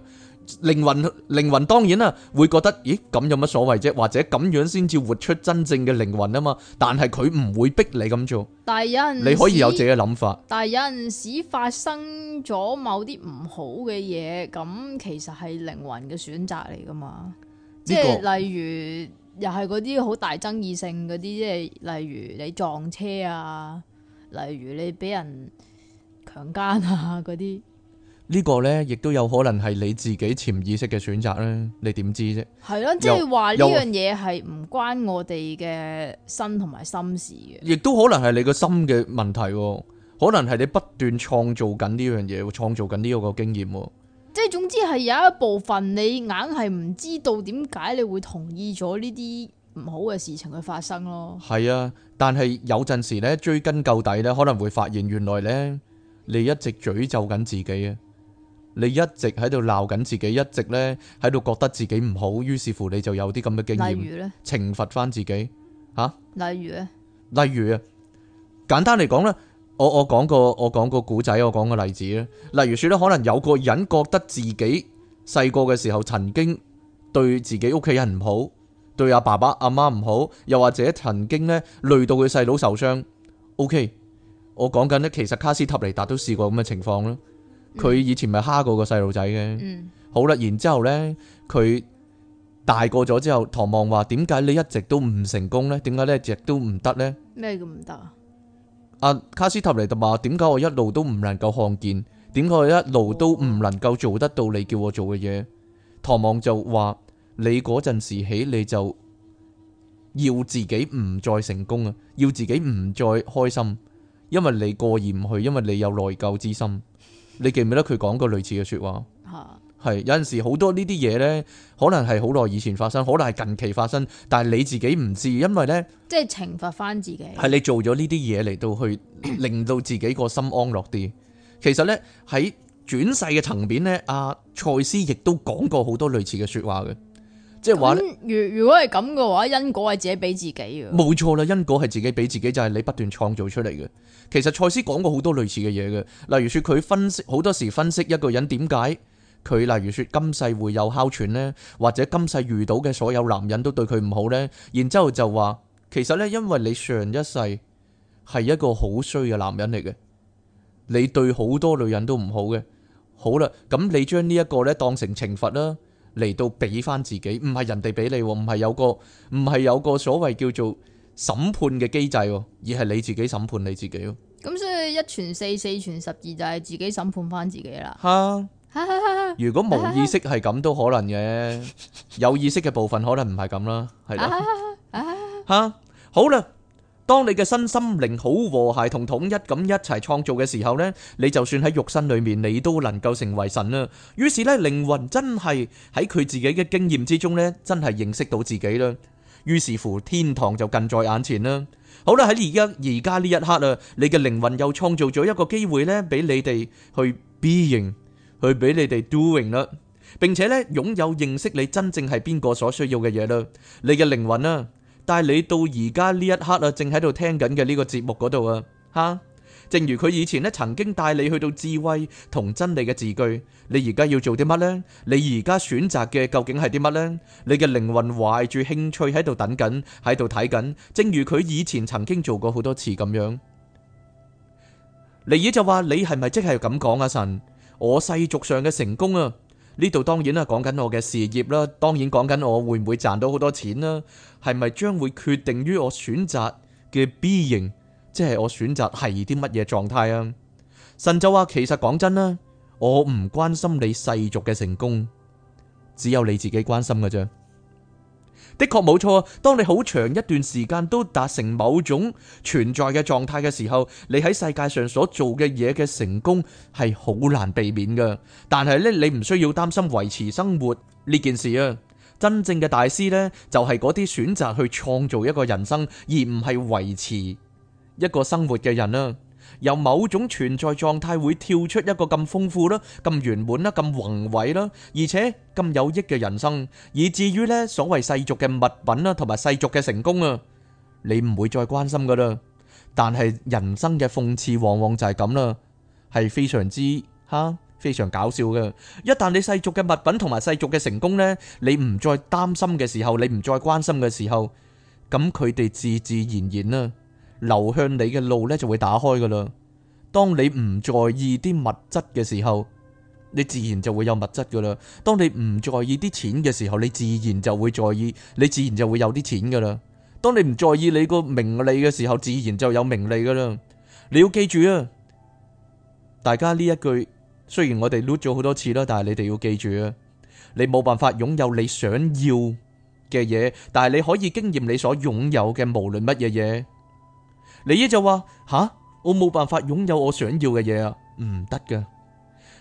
靈魂靈魂當然啦，會覺得，咦，咁有乜所謂啫？或者咁樣先至活出真正嘅靈魂啊嘛。但係佢唔會逼你咁做。但係有陣時，你可以有自己嘅諗法。但係有陣時發生咗某啲唔好嘅嘢，咁其實係靈魂嘅選擇嚟噶嘛？這個，即係例如，又係嗰啲好大爭議性嗰啲，即係例如你撞車啊，例如你俾人強姦啊嗰啲。呢個呢，亦都有可能係你自己潛意識嘅選擇呢，你點知啫？係咯、啊，即係話呢樣嘢係唔關我哋嘅身同埋心事嘅。亦都可能係你個心嘅問題，可能係你不斷創造緊呢樣嘢，創造緊呢個經驗。即係總之係有一部分你硬係唔知道點解你會同意咗呢啲唔好嘅事情去發生咯。係啊，但係有陣時呢，追根究底呢，可能會發現原來呢，你一直詛咒緊自己啊。你一直喺度鬧緊自己，一直呢喺度覺得自己唔好，於是乎你就有啲咁嘅經驗，懲罰翻自己，吓、啊。例如咧？例如啊，簡單嚟講咧，我我講個我講個古仔，我講個例子咧，例如說咧，可能有個人覺得自己細個嘅時候曾經對自己屋企人唔好，對阿爸爸阿媽唔好，又或者曾經呢累到佢細佬受傷。OK，我講緊呢，其實卡斯塔尼達都試過咁嘅情況啦。佢以前咪蝦過個細路仔嘅。嗯、好啦，然之後呢，佢大個咗之後，唐望話：點解你一直都唔成功呢？點解你一直都唔得呢？咩叫唔得啊？阿卡斯塔尼就話：點解我一路都唔能夠看見？點解我一路都唔能夠做得到你叫我做嘅嘢？嗯、唐望就話：你嗰陣時起，你就要自己唔再成功啊，要自己唔再開心，因為你過意唔去，因為你有內疚之心。你記唔記得佢講過類似嘅說話？係、啊，係有陣時好多呢啲嘢呢，可能係好耐以前發生，可能係近期發生，但係你自己唔知，因為呢，即係懲罰翻自己，係你做咗呢啲嘢嚟到去令到自己個心安樂啲。其實呢，喺轉世嘅層面呢，阿、啊、賽斯亦都講過好多類似嘅說話嘅。即係話，如果係咁嘅話，因果係自己俾自己嘅。冇錯啦，因果係自己俾自己，就係、是、你不斷創造出嚟嘅。其實賽斯講過好多類似嘅嘢嘅，例如說佢分析好多時分析一個人點解佢，例如說今世會有哮喘呢，或者今世遇到嘅所有男人都對佢唔好呢。然之後就話，其實呢，因為你上一世係一個好衰嘅男人嚟嘅，你對好多女人都唔好嘅。好啦，咁你將呢一個呢，當成懲罰啦。嚟到俾翻自己，唔係人哋俾你喎，唔係有個，唔係有個所謂叫做審判嘅機制喎，而係你自己審判你自己喎。咁所以一傳四，四傳十二就係自己審判翻自己啦。嚇、啊！如果冇意識係咁都可能嘅，有意識嘅部分可能唔係咁啦，係啦、啊啊啊。好啦。當你嘅身心靈好和諧同統一咁一齊創造嘅時候呢，你就算喺肉身裏面，你都能夠成為神啦。於是呢，靈魂真係喺佢自己嘅經驗之中呢，真係認識到自己啦。於是乎，天堂就近在眼前啦。好啦，喺而家而家呢一刻啊，你嘅靈魂又創造咗一個機會呢，俾你哋去 being，去俾你哋 doing 啦，並且呢，擁有認識你真正係邊個所需要嘅嘢啦，你嘅靈魂啊。但你到而家呢一刻啊，正喺度聽緊嘅呢個節目嗰度啊，吓，正如佢以前咧曾經帶你去到智慧同真理嘅字句，你而家要做啲乜呢？你而家選擇嘅究竟係啲乜呢？你嘅靈魂懷住興趣喺度等緊，喺度睇緊，正如佢以前曾經做過好多次咁樣。尼爾就話：你係咪即係咁講啊？神，我世俗上嘅成功啊！呢度當然啦，講緊我嘅事業啦，當然講緊我會唔會賺到好多錢啦，係咪將會決定於我選擇嘅 being，即係我選擇係啲乜嘢狀態啊？神就話：其實講真啦，我唔關心你世俗嘅成功，只有你自己關心㗎啫。的確冇錯啊！當你好長一段時間都達成某種存在嘅狀態嘅時候，你喺世界上所做嘅嘢嘅成功係好難避免㗎。但係咧，你唔需要擔心維持生活呢件事啊！真正嘅大師呢，就係嗰啲選擇去創造一個人生，而唔係維持一個生活嘅人啊。由某種存在狀態會跳出一個咁豐富啦、咁圓滿啦、咁宏偉啦，而且咁有益嘅人生。以至於咧，所謂世俗嘅物品啦，同埋世俗嘅成功啊，你唔會再關心噶啦。但係人生嘅諷刺往往就係咁啦，係非常之吓，非常搞笑嘅。一旦你世俗嘅物品同埋世俗嘅成功咧，你唔再擔心嘅時候，你唔再關心嘅時候，咁佢哋自自然然啦。流向你嘅路呢，就會打開噶啦。當你唔在意啲物質嘅時候，你自然就會有物質噶啦。當你唔在意啲錢嘅時候，你自然就會在意，你自然就會有啲錢噶啦。當你唔在意你個名利嘅時候，自然就有名利噶啦。你要記住啊，大家呢一句雖然我哋轆咗好多次啦，但係你哋要記住啊，你冇辦法擁有你想要嘅嘢，但係你可以經驗你所擁有嘅無論乜嘢嘢。尼爾就話吓，我冇辦法擁有我想要嘅嘢啊，唔得噶。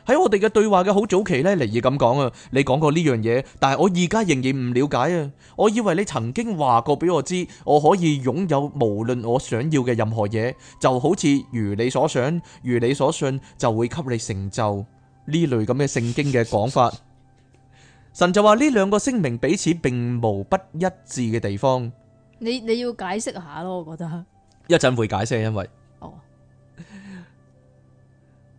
喺我哋嘅對話嘅好早期呢，尼爾咁講啊，你講過呢樣嘢，但係我而家仍然唔了解啊。我以為你曾經話過俾我知，我可以擁有無論我想要嘅任何嘢，就好似如你所想，如你所信，就會給你成就，呢類咁嘅聖經嘅講法。神就話呢兩個聲明彼此並無不一致嘅地方。你你要解釋下咯，我覺得。一陣會解釋，因為哦，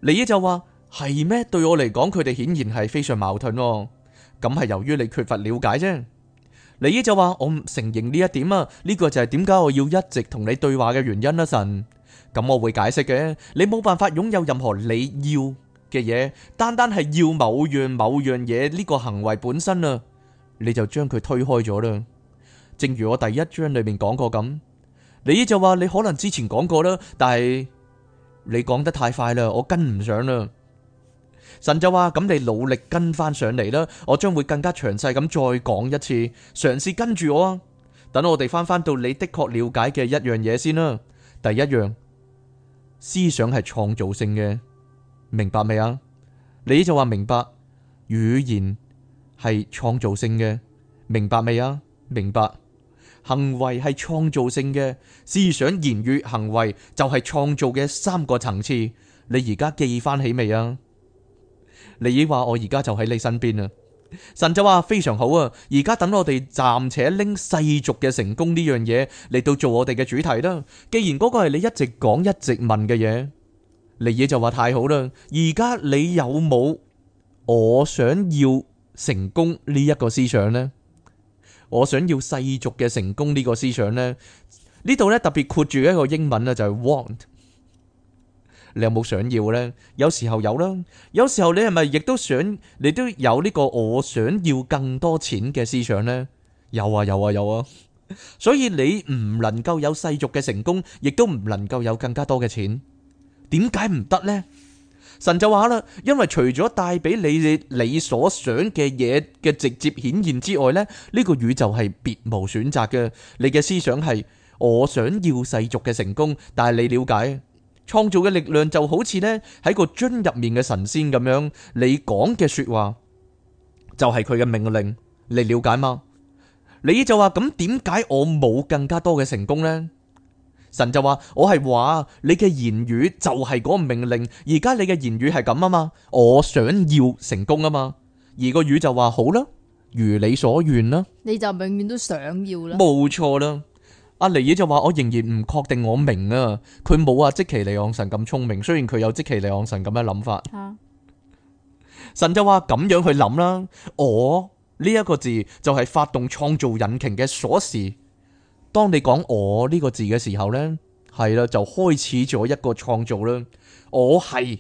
你呢就話係咩？對我嚟講，佢哋顯然係非常矛盾咯。咁係由於你缺乏了解啫。你呢就話我唔承認呢一點啊。呢個就係點解我要一直同你對話嘅原因啦，神。咁我會解釋嘅。你冇辦法擁有任何你要嘅嘢，單單係要某樣某樣嘢呢個行為本身啊，你就將佢推開咗啦。正如我第一章裏面講過咁。你就話你可能之前講過啦，但係你講得太快啦，我跟唔上啦。神就話，咁，你努力跟翻上嚟啦，我將會更加詳細咁再講一次，嘗試跟住我啊。等我哋翻翻到你的確了解嘅一樣嘢先啦。第一樣，思想係創造性嘅，明白未啊？你就話明白。語言係創造性嘅，明白未啊？明白。行為係創造性嘅思想、言語、行為就係創造嘅三個層次。你而家記翻起未啊？利爾話：我而家就喺你身邊啊，神就話：非常好啊！而家等我哋暫且拎世俗嘅成功呢樣嘢嚟到做我哋嘅主題啦。既然嗰個係你一直講、一直問嘅嘢，利爾就話：太好啦！而家你有冇我想要成功呢一個思想呢？我想要世俗嘅成功呢個思想呢，呢度呢特別括住一個英文呢就係 want，你有冇想要呢？有時候有啦，有時候你係咪亦都想，你都有呢個我想要更多錢嘅思想呢？有啊有啊有啊，所以你唔能夠有世俗嘅成功，亦都唔能夠有更加多嘅錢，點解唔得呢？神就話啦，因為除咗帶俾你你所想嘅嘢嘅直接顯現之外咧，呢個宇宙係別無選擇嘅。你嘅思想係我想要世俗嘅成功，但係你了解創造嘅力量就好似呢喺個樽入面嘅神仙咁樣，你講嘅說話就係佢嘅命令，你了解嗎？你就話咁點解我冇更加多嘅成功呢？神就話，我係話你嘅言語就係嗰個命令。而家你嘅言語係咁啊嘛，我想要成功啊嘛。而個語就話好啦，如你所願啦。你就永遠都想要啦。冇錯啦。阿尼爾就話，我仍然唔確定我明啊。佢冇啊，即其利昂神咁聰明。雖然佢有即其利昂神咁嘅諗法。啊、神就話，咁樣去諗啦。我呢一、這個字就係發動創造引擎嘅鎖匙。當你講我呢個字嘅時候呢，係啦，就開始咗一個創造啦。我係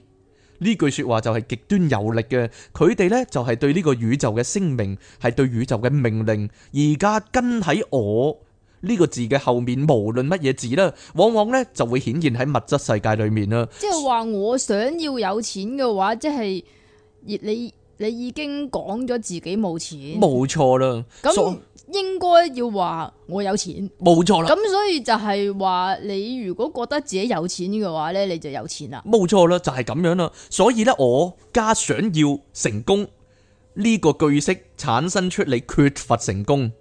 呢句說話就係極端有力嘅。佢哋呢，就係對呢個宇宙嘅聲明，係對宇宙嘅命令。而家跟喺我呢個字嘅後面，無論乜嘢字啦，往往呢就會顯現喺物質世界裏面啦。即係話我想要有錢嘅話，即係你你已經講咗自己冇錢，冇錯啦。咁應該要話我有錢，冇錯啦。咁所以就係話你如果覺得自己有錢嘅話呢，你就有錢啦。冇錯啦，就係、是、咁樣啦。所以呢，我家想要成功呢、呢個句式產生出你缺乏成功，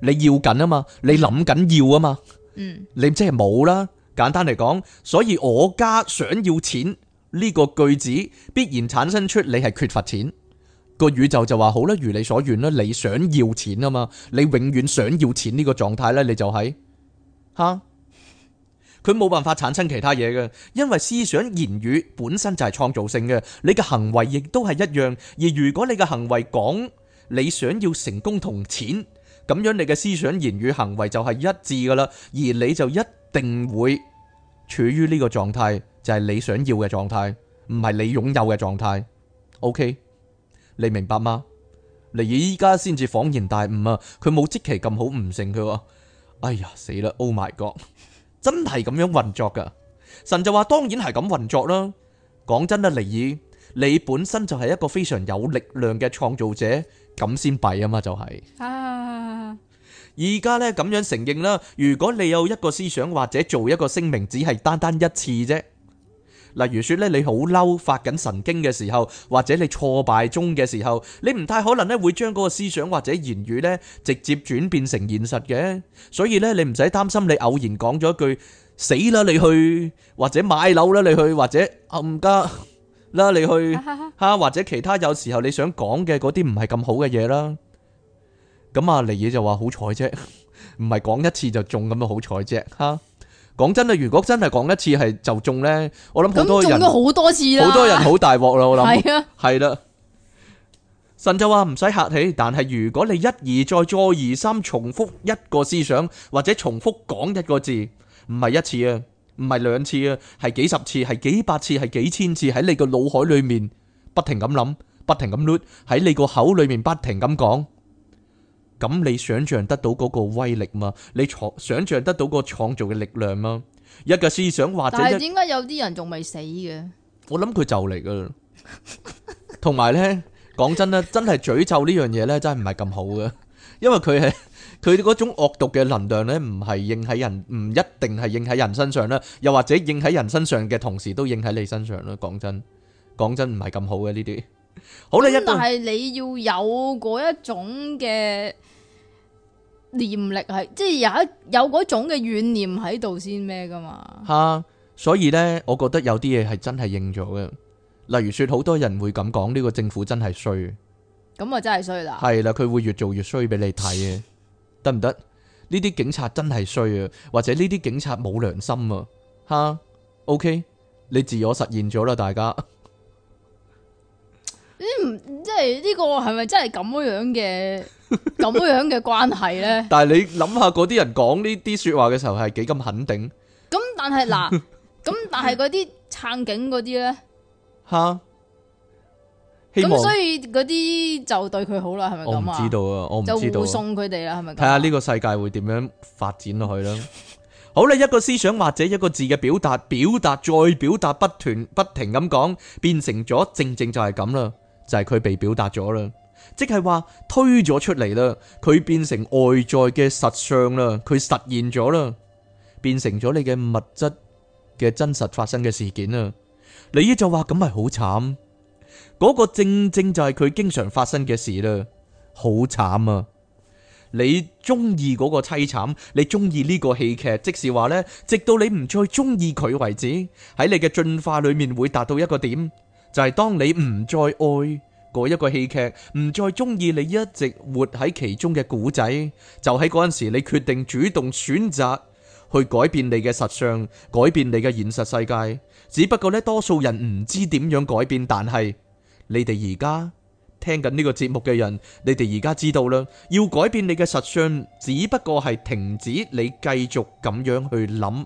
你要緊啊嘛，你諗緊要啊嘛。嗯，你即係冇啦。簡單嚟講，所以我家想要錢呢、呢個句子必然產生出你係缺乏錢。個宇宙就話好啦，如你所願啦，你想要錢啊嘛，你永遠想要錢呢個狀態呢，你就喺吓佢冇辦法產生其他嘢嘅，因為思想言語本身就係創造性嘅，你嘅行為亦都係一樣。而如果你嘅行為講你想要成功同錢，咁樣你嘅思想言語行為就係一致噶啦，而你就一定會處於呢個狀態，就係你想要嘅狀態，唔係你擁有嘅狀態。O K。你明白嗎？尼爾依家先至恍然大悟啊！佢冇即期咁好悟性佢話，哎呀死啦！Oh my god！真係咁樣運作噶。神就話，當然係咁運作啦。講真啦，尼爾，你本身就係一個非常有力量嘅創造者，咁先弊啊嘛，就係、是。而家、啊、呢，咁樣承認啦。如果你有一個思想或者做一個聲明，只係單單一次啫。例如說咧，你好嬲，發緊神經嘅時候，或者你挫敗中嘅時候，你唔太可能咧會將嗰個思想或者言語咧直接轉變成現實嘅，所以咧你唔使擔心，你偶然講咗一句死啦你去，或者買樓啦你去，或者冚、嗯、家啦你去，吓 [laughs] 或者其他有時候你想講嘅嗰啲唔係咁好嘅嘢啦，咁阿尼爾就話好彩啫，唔係講一次就中咁啊好彩啫，吓。講真啊，如果真係講一次係就中呢，我諗好多人咁中咗好多次啦，好多人好大鑊啦，我諗係啊，係啦。神就話，唔使客氣。但係如果你一而再、再而三重複一個思想，或者重複講一個字，唔係一次啊，唔係兩次啊，係幾十次，係幾百次，係幾千次，喺你個腦海裏面不停咁諗，不停咁捋，喺你個口裏面不停咁講。咁你想象得到嗰個威力嘛？你創想象得到個創造嘅力量嗎？一個思想或者，但係點解有啲人仲未死嘅？我諗佢就嚟噶啦。同埋呢，講真咧，真係詛咒呢樣嘢呢，真係唔係咁好嘅，因為佢係佢嗰種惡毒嘅能量呢，唔係應喺人，唔一定係應喺人身上啦，又或者應喺人身上嘅同時都應喺你身上啦。講真，講真唔係咁好嘅呢啲。好啦，一但係你要有嗰一種嘅。念力係即係有一有嗰種嘅怨念喺度先咩噶嘛吓， [laughs] 所以呢，我覺得有啲嘢係真係應咗嘅，例如說好多人會咁講，呢個政府真係衰，咁啊真係衰啦，係啦，佢會越做越衰俾你睇嘅，得唔得？呢啲警察真係衰啊，或者呢啲警察冇良心啊，吓 [laughs] ，OK，你自我實現咗啦，大家，唔即係呢個係咪、這個、真係咁樣樣嘅？咁 [laughs] 樣嘅關係呢？但係你諗下嗰啲人講呢啲說話嘅時候係幾咁肯定？咁 [laughs] 但係嗱，咁但係嗰啲撐警嗰啲呢？吓，咁所以嗰啲就對佢好啦，係咪咁啊？我唔知道啊，我唔知道。就護送佢哋啦，係咪？睇下呢個世界會點樣發展落去啦。 [laughs] 好啦，一個思想或者一個字嘅表達，表達再表達，不斷不停咁講，變成咗正正就係咁啦，就係、是、佢被表達咗啦。即係話推咗出嚟啦，佢變成外在嘅實相啦，佢實現咗啦，變成咗你嘅物質嘅真實發生嘅事件啦。你依就話咁係好慘，嗰個正正就係佢經常發生嘅事啦，好慘啊！你中意嗰個凄慘，你中意呢個戲劇，即是話呢，直到你唔再中意佢為止，喺你嘅進化裏面會達到一個點，就係當你唔再愛。嗰一個戲劇，唔再中意你一直活喺其中嘅故仔，就喺嗰陣時，你決定主動選擇去改變你嘅實相，改變你嘅現實世界。只不過呢,多數人唔知點樣改變，但係你哋而家聽緊呢個節目嘅人，你哋而家知道啦。要改變你嘅實相，只不過係停止你繼續咁樣去諗，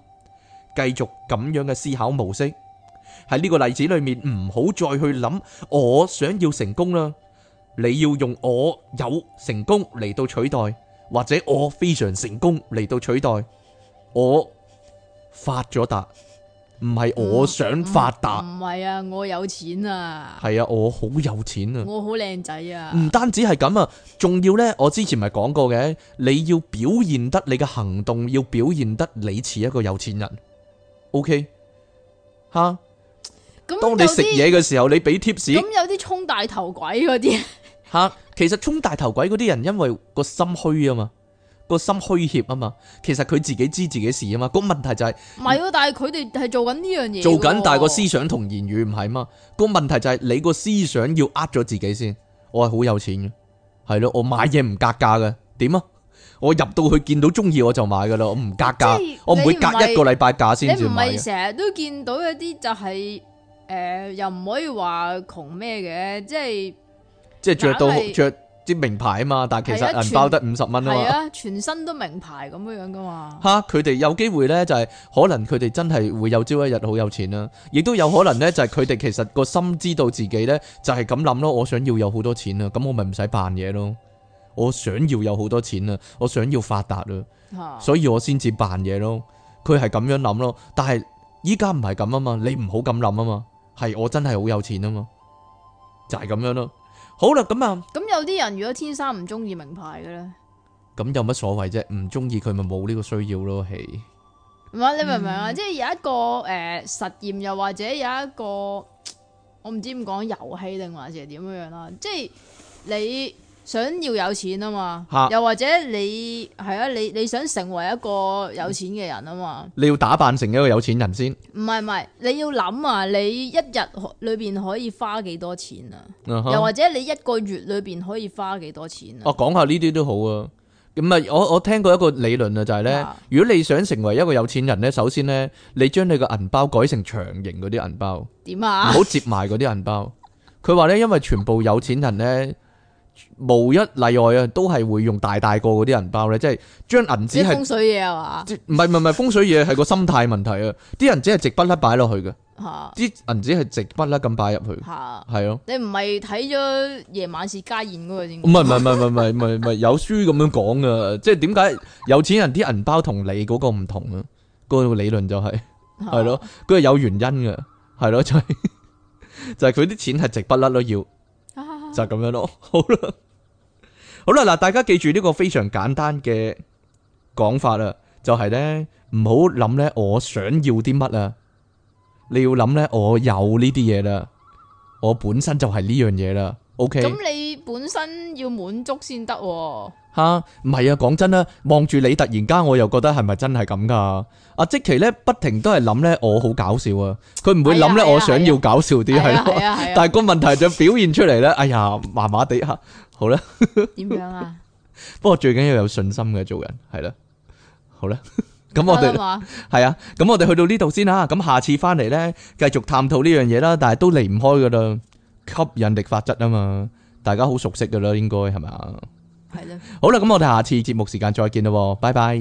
繼續咁樣嘅思考模式。喺呢個例子裏面，唔好再去諗我想要成功啦。你要用我有成功嚟到取代，或者我非常成功嚟到取代。我發咗達，唔係我想發達，唔係、嗯嗯、啊，我有錢啊，係啊，我好有錢啊，我好靚仔啊，唔單止係咁啊，仲要呢，我之前咪講過嘅，你要表現得你嘅行動要表現得你似一個有錢人。OK，吓。當你食嘢嘅時候，你俾貼士，咁有啲衝大頭鬼嗰啲吓， [laughs] 其實衝大頭鬼嗰啲人因為個心虛啊嘛，個心虛怯啊嘛，其實佢自己知自己事啊嘛。個問題就係唔係咯，但係佢哋係做緊呢樣嘢，做緊，但係個思想同言語唔係嘛。個問題就係你個思想要呃咗自己先，我係好有錢嘅，係咯，我買嘢唔格價嘅，點啊？我入到去見到中意我就買噶啦，我唔格價，我唔會隔一個禮拜價先至買。你唔係成日都見到一啲就係、是。誒、呃，又唔可以話窮咩嘅，就是、即係即係着到着啲是名牌啊嘛，但係其實銀包得五十蚊啊嘛，全身都名牌咁樣樣噶嘛。吓，佢哋有機會咧就係可能佢哋真係會有朝一日好有錢啦，亦都有可能咧就係佢哋其實個心知道自己咧就係咁諗咯，我想要有好多錢啊，咁我咪唔使扮嘢咯。我想要有好多錢啊，我想要發達啊，所以我先至扮嘢咯。佢係咁樣諗咯，但係依家唔係咁啊嘛，你唔好咁諗啊嘛。係我真係好有錢啊嘛，就係咁樣咯。好啦，咁啊，咁有啲人如果天生唔中意名牌嘅咧，咁有乜所謂啫？唔中意佢咪冇呢個需要咯，係。唔係？你明唔明啊？即係有一個誒實驗，又或者有一個我唔知點講遊戲，定還是點樣樣啦？即係你。想要有錢啊嘛，哈又或者你係啊，你你想成為一個有錢嘅人啊嘛、嗯，你要打扮成一個有錢人先。唔係唔係，你要諗啊，你一日裏邊可以花幾多錢啊？嗯、哼又或者你一個月裏邊可以花幾多錢啊？我講、啊、下呢啲都好啊。咁啊，我我聽過一個理論啊、就是，就係呢：如果你想成為一個有錢人呢，首先呢，你將你個銀包改成長形嗰啲銀包。點啊？唔好摺埋嗰啲銀包。佢話 [laughs] 呢，因為全部有錢人呢。無一例外啊，都係會用大大個嗰啲銀包咧，就是，即係將銀紙係風水嘢啊嘛？唔係唔係唔係風水嘢，係個心態問題啊！啲銀紙係直不甩擺落去嘅，啲銀紙係直不甩咁擺入去，係 [laughs] 咯？ [laughs] 你唔係睇咗夜晚市家宴嗰個先？唔係唔係唔係唔係唔係唔係有書咁樣講噶， [laughs] 即係點解有錢人啲銀包你同你嗰個唔同啊？嗰個理論就係係咯，佢係 [laughs] 有原因嘅，係咯，就係就係佢啲錢係直不甩都要。就咁樣咯， [laughs] 好啦，好啦，嗱，大家記住呢個非常簡單嘅講法啦，就係咧，唔好諗咧，我想要啲乜啊，你要諗咧，我有呢啲嘢啦，我本身就係呢樣嘢啦，OK？咁你本身要滿足先得。吓，唔係啊！講真啦，望住你突然間，我又覺得係咪真係咁噶？阿即奇咧，不停都係諗咧，我好搞笑啊！佢唔會諗咧，我想要搞笑啲係咯。但係個問題就表現出嚟咧，哎呀，麻麻地吓。好啦，點樣啊？不過最緊要有信心嘅做人係啦。好啦，咁我哋係啊，咁我哋去到呢度先啦。咁下次翻嚟咧，繼續探討呢樣嘢啦。但係都離唔開噶啦，吸引力法則啊嘛，大家好熟悉噶啦，應該係咪？ [noise] 好啦，咁我哋下次節目時間再見啦，拜拜。